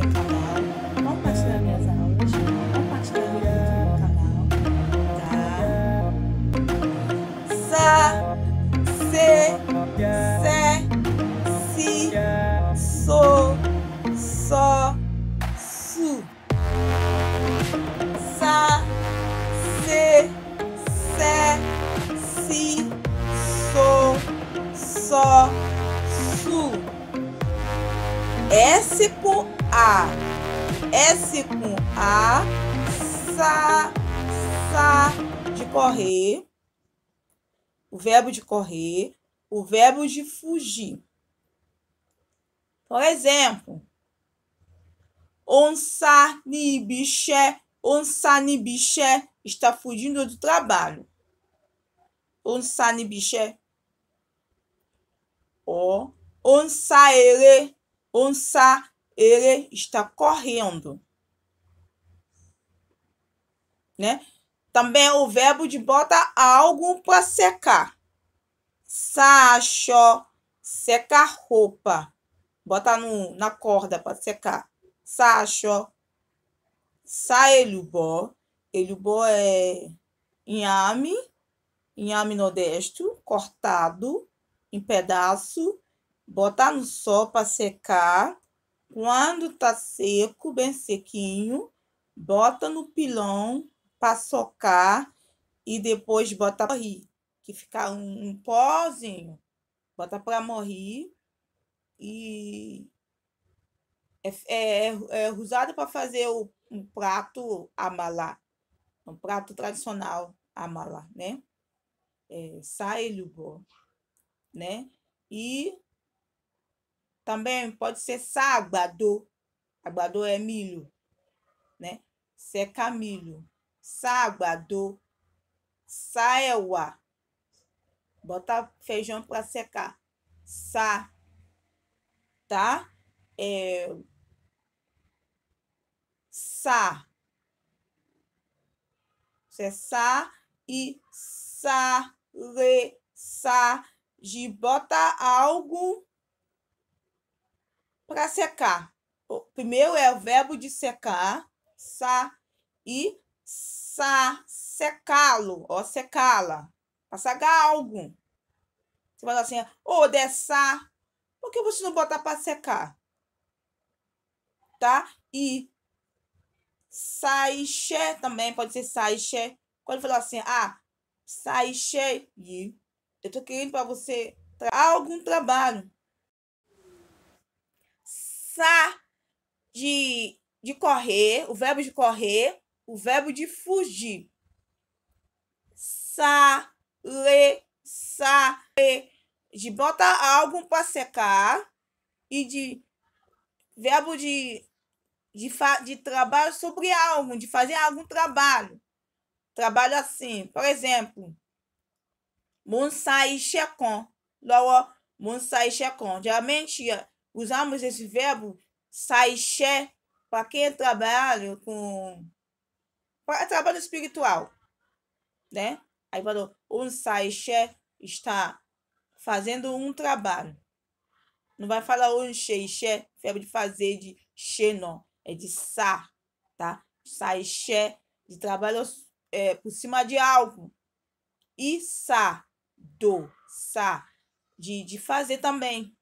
meu canal, compartilhar minhas aulas, compartilhar o link do meu canal, tá? Sa, se, se, si, so, só, su. Sa, se, se, si, so, só, su. S por a, S com A, sa, sa de correr, o verbo de correr, o verbo de fugir. Por exemplo, onça nibiché, onça nibiché está fugindo do trabalho. Onça nibiché. Ó, onça ere, onça ele está correndo. Né? Também é o verbo de bota algo para secar. Sacho, secar roupa. Bota no, na corda para secar. Sacho. Saelubó. Elubó é inhame, inhame nordesto, cortado em pedaço. Botar no sol para secar quando tá seco, bem sequinho, bota no pilão para socar e depois bota para morrer, que fica um, um pózinho. Bota para morrer e é, é, é, é usado para fazer o, um prato amalá, um prato tradicional amalá, né? É, saelubó, né? E também pode ser sábado. Agbadô é milho, né? Seca milho. Sábado. Saewa. Bota feijão para secar. Sa. Tá? É... Sa. é sa e sa, re, sa. De bota algo para secar. O primeiro é o verbo de secar, sa e sa, secá-lo, ó, secá-la, passar algo. Você fala assim, ô, oh, dessa, por que você não botar para secar? Tá? E saixé também, pode ser saixé. Quando falar assim, ah, saixé, eu tô querendo para você algum trabalho cessar de, de correr, o verbo de correr, o verbo de fugir. Sa, le, sa, le. De botar algo para secar e de verbo de, de, fa, de trabalho sobre algo, de fazer algum trabalho. Trabalho assim, por exemplo, Monsai Shekon. Logo, Monsai Shekon. a mentira usamos esse verbo saixé para quem é trabalha com para é trabalho espiritual, né? Aí falou, um saixé está fazendo um trabalho. Não vai falar um xeixé, verbo de fazer de xê, não. É de sa, tá? Saixé, de trabalho é, por cima de algo. E sa, do, sa, de, de fazer também,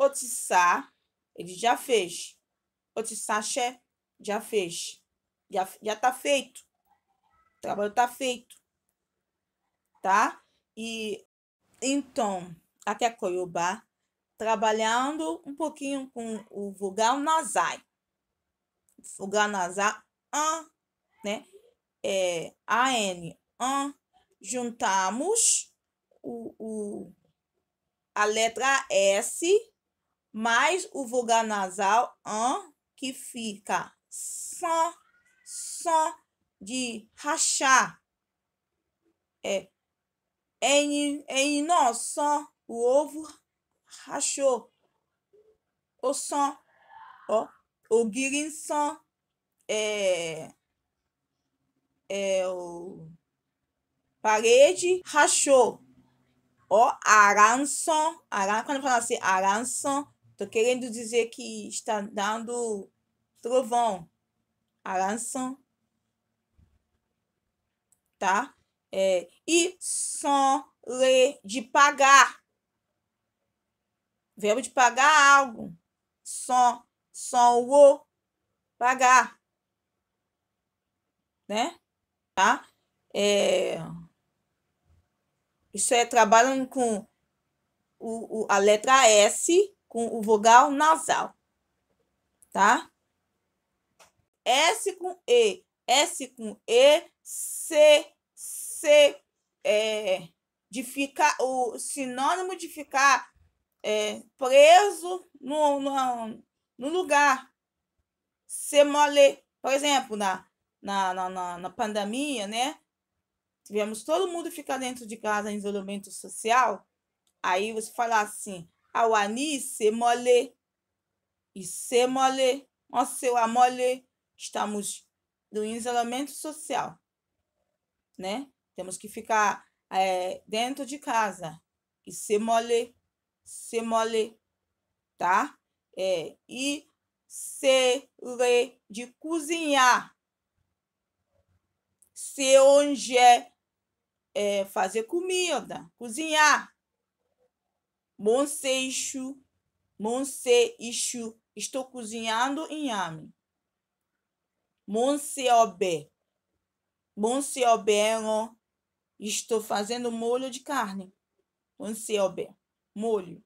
Otissá, ele já fez. Otissá, ti já fez. Já, já tá feito. O trabalho tá feito. Tá? E então, aqui é Coiobá, trabalhando um pouquinho com o vulgar nasai. Vulgar nasal, an, né? É, an, an. Juntamos o, o, a letra S mais o vulgar nasal an, que fica som, som de rachar. É, é em, é em não, som, o ovo rachou. O som, ó, o guirin som, é, é o parede rachou. Ó, aranção aran, quando fala assim, aranson, Estou querendo dizer que está dando trovão, aranção, tá? É, e som le de pagar. Verbo de pagar é algo. Som, som o pagar. Né? Tá? É, isso é trabalhando com o, o, a letra S com o vogal nasal, tá? S com E, S com E, C, C, é, de ficar, o sinônimo de ficar é, preso no, no, no lugar. Ser mole, por exemplo, na, na, na, na pandemia, né? Tivemos todo mundo ficar dentro de casa em isolamento social. Aí você fala assim, a wà ní se ìsémọ́lé wọ́n sé wa mọ́lé estamos no isolamento social né temos que ficar é, eh, dentro de casa tá? eh, e se se mole tá é, e re de cozinhar se é, é, fazer comida cozinhar Monseixo, Monseixo, estou cozinhando inhame. Monseobé, Monseobé, estou fazendo molho de carne. Monseobé, molho.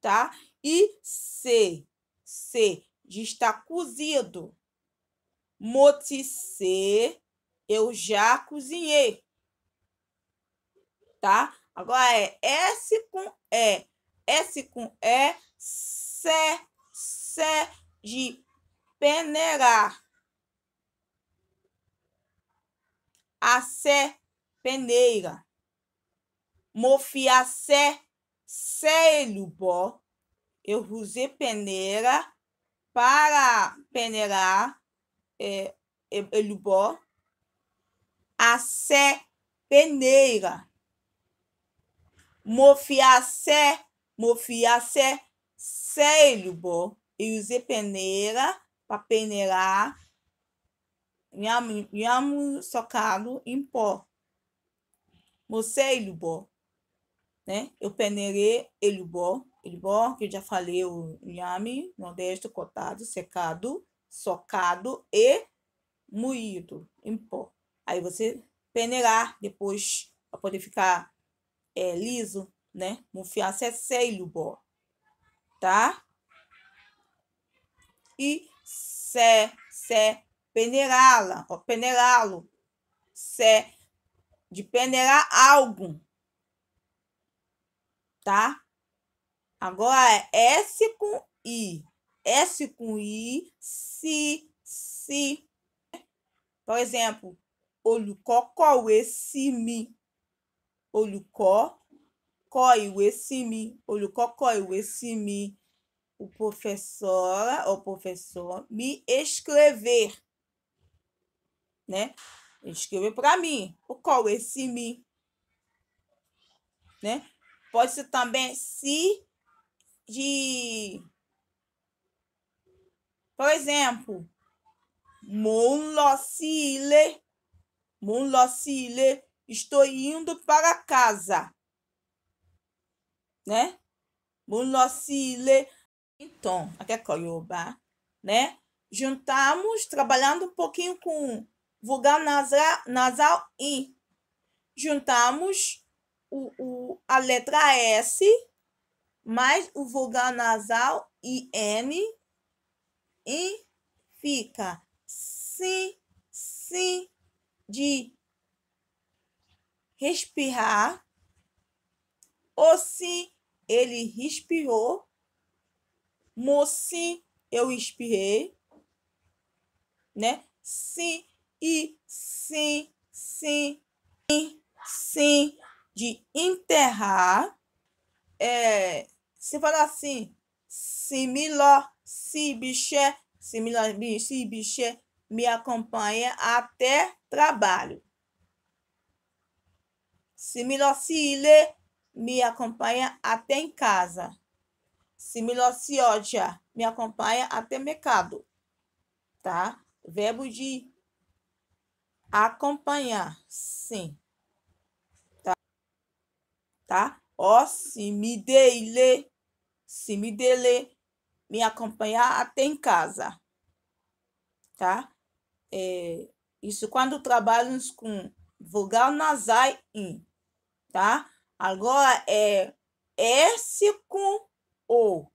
Tá? E se, se, de estar cozido. Motice, eu já cozinhei. Tá? Agora é S com E. S com E. c c de peneirar. A c peneira. Mofia c selho, bó. Eu usei peneira para peneirar. É, elubó. É, é, a se, peneira mofiacé, mofiacé, asẹ́, e fi Eu usei peneira para peneirar Nhamo, nhamo socado em pó. Mocei elubó, né? Eu peneirei elubó, elubó, que eu já falei, o nhame, nordeste, cotado, secado, socado e moído em pó. Aí você peneirar depois para poder ficar é liso, né? Mufiaça é célubo, tá? E se se peneirá-la, ó, peneirá-lo. se de peneirar algo, tá? Agora é S com I. S com I, se, se. Por exemplo, olho cocó esse mi. Olùkọ́ kọ ìwé sí mi. Olùkọ́ kọ ìwé sí mi. O professor o professor me escrever, né? Escrever para mim. O qual esse me, né? Pode ser também se de por exemplo, mon lo si le mon lo si le Estou indo para casa. Né? Mo então lọ sí ilé. né? Juntamos, trabalhando um pouquinho com vulgar nasal, nasal I. Juntamos o, o, a letra S mais o vulgar nasal IN e fica sim, sim, de respirar, ou se ele respirou, mo se eu expirei, né? Sim e sim, sim, sim, sim, de enterrar. É, se falar assim, similar, se biché, similar, se biché, me acompanha até trabalho se me locile me acompanha até em casa. se me locioja me acompanha até mercado. Tá? Verbo de acompanhar, sim. Tá? Tá? Ó, se me dele, se me dele, me acompanhar até em casa. Tá? É, isso quando trabalhamos com vogal nasai in tá? Agora é S com O.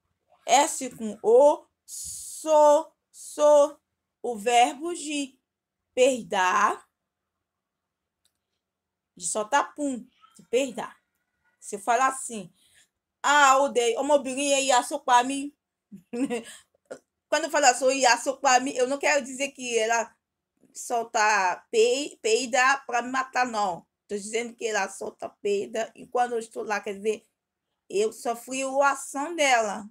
S com O, so, so. O verbo de perdar, de soltar pum, de perdar. Se eu falar assim, ah, odeio, omobirinha e assopar mim. Quando eu falar sou e assopar mim, eu não quero dizer que ela soltar peida para me matar, não. Estou dizendo que ela solta perda. e quando eu estou lá, quer dizer, eu só fui a ação dela.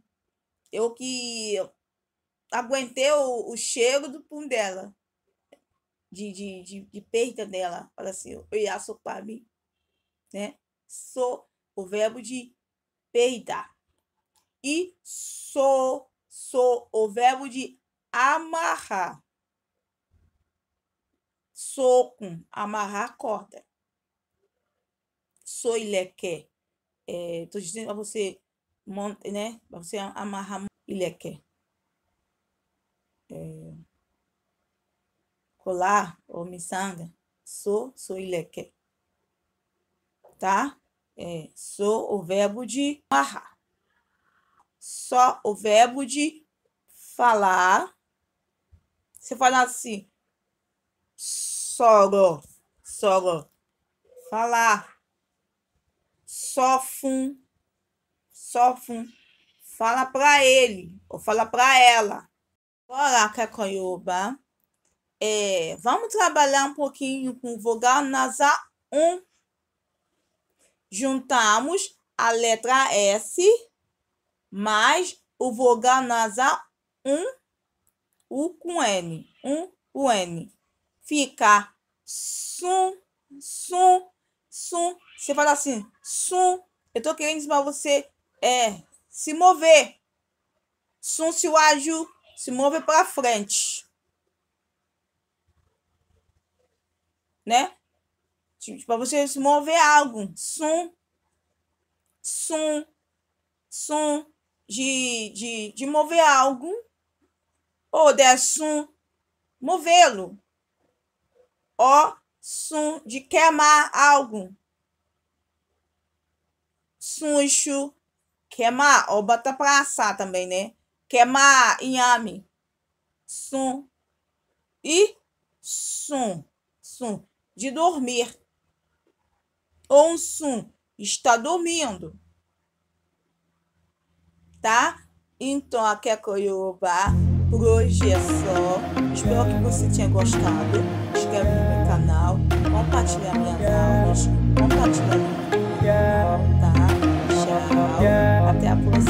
Eu que aguentei o, o cheiro do pum dela, de, de, de, de peita dela. Fala assim, eu ia sopar mim, né? Sou o verbo de peidar. E sou, sou o verbo de amarrar. Soco, amarrar corda soileque. É, tô dizendo para você, né? Para você amarrar ileque. É, colar ou miçanga. So, leque. Tá? É, o verbo de amarrar. Só o verbo de falar. Você fala assim, soro, soro, falar. Sofum, Sofum, fala pra ele ou fala pra ela. Bora, Cacoyoba. É, vamos trabalhar um pouquinho com o vogal nasal 1. Juntamos a letra S mais o vogal nasal 1, U com N. 1, U, N. Fica sum, sum, sum. Você fala assim, sum. Eu tô querendo dizer pra você é se mover. Sum se o ágil se move para frente. Né? para tipo, você se mover é algo. Sum. Sum. Sum. De, de, de mover algo. Ou de sum. Movê-lo. Ó sun de queimar algo. Suncho, queimar, ou bota pra assar também, né? Queimar inhame. Sun e sun, sun de dormir. Ou um sun está dormindo. Tá? Então, aqui é Coyoba. Por hoje é só. Espero que você tenha gostado. Tá, tchau. Até a próxima.